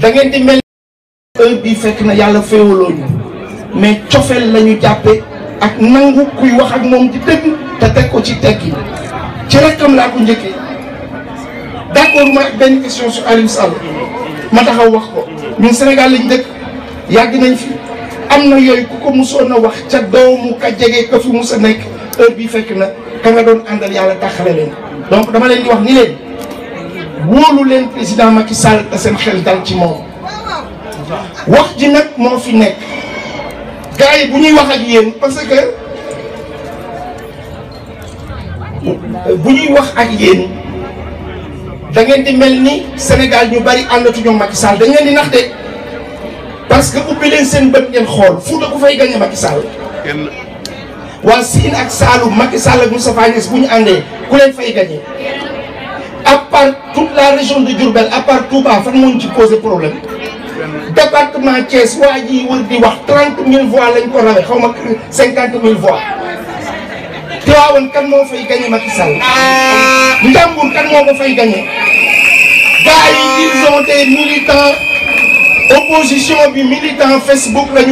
da ngeen di mel heure bii fekk na yàlla féewaloo ñu mais cofeel la ñu jàppe ak nangu kuy wax ak moom di dëgg te teg ko ci tekki ci rakkam laa ko njëkkee d'accord ma ak benn question su Aliou Sall ma taxaw wax ko ñun Sénégal lañ dëkk yàgg nañ fi am na yooyu ku ko musoon a wax ca doomu ka jege ka fi mus a nekk heure bii fekk na ka nga doon àndal yàlla taxale leen donc dama leen wax ni leen wóolu leen président Macky Sall te seen xel dal ci moom wax ji nag moo fi nekk gars yi bu ñuy wax ak yéen parce que bu ñuy wax ak yéen da ngeen di mel ni Sénégal ñu bari àndatuñu Macky Sall da ngeen di nax de parce que ubbi leen seen bët ngeen xool Fuuta ku fay gañe Macky Sall waa Siin ak Saalum Macky Sall ak Moustapha Niasse bu ñu àndee ku leen fay gañe à part toute la région de Durbel, à part tout le monde qui pose problème. Département Thiès, Wadi, dire 30 000 voix, là, 50 000 voix. Tu vois, on a gagné gagner Ndambour, quand a gagné. Gars, ils ont des militants, opposition, militants Facebook, les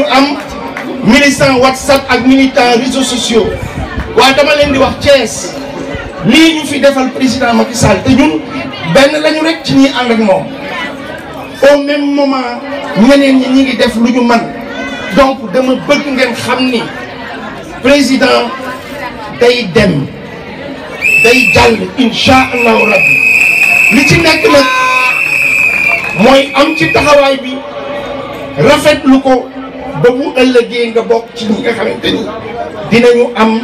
militants WhatsApp, et militants réseaux sociaux. Ouais, à dire, Thiès. lii ñu fi defal président Macky Sall té ñun benn lañu rek ci ñi and ak mom au même moment ñeneen ñi ñi ngi def lu ñu man donc dama bëgg ngeen xam ni président day dem day jall insha Allah rabbi li ci nekk nak moy am ci taxaway bi lu ko ba mu ëllëgé nga bok ci ñi nga xamanteni dinañu am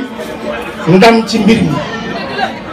ndam ci mbir mi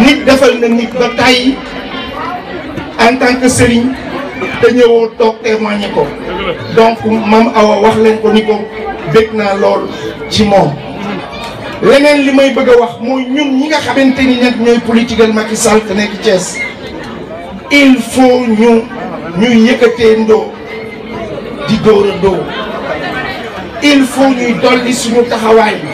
nit defal na nit ba tàyyi en tant que sëriñ te ñëwoo toog témoigné ko donc mam awa wax leen ko ni ko bég naa lool ci moom leneen li may bëgg a wax mooy ñun ñi nga xamante ni nag ñooy politique Macky Sall te nekk Thiès il faut ñu ñuy yëkkatee ndoo di dóor a dóor il faut ñuy dolli suñu taxawaay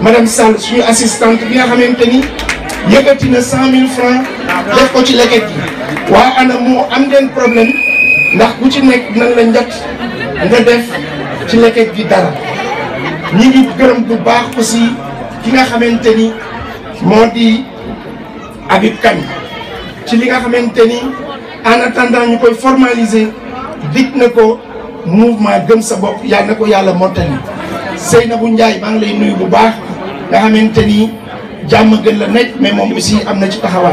madame Sall suñu assistante bi nga xamante ni yëkkati na cent mille francs def ko ci leket gi waa ana moo am leen problème ndax ku ci nekk nan la njot nga def ci leket gi dara ñi ngi gërëm bu baax aussi ki nga xamante ni moo di Habib Kane ci li nga xamante ni en attendant ñu koy formaliser dig na ko mouvement gëm sa bopp yal na ko yàlla mottali Seynabou Ndiaye maa ngi lay nuyu bu baax nga xamanteni ni jàmm gën la nek mais mom aussi amna ci taxawaay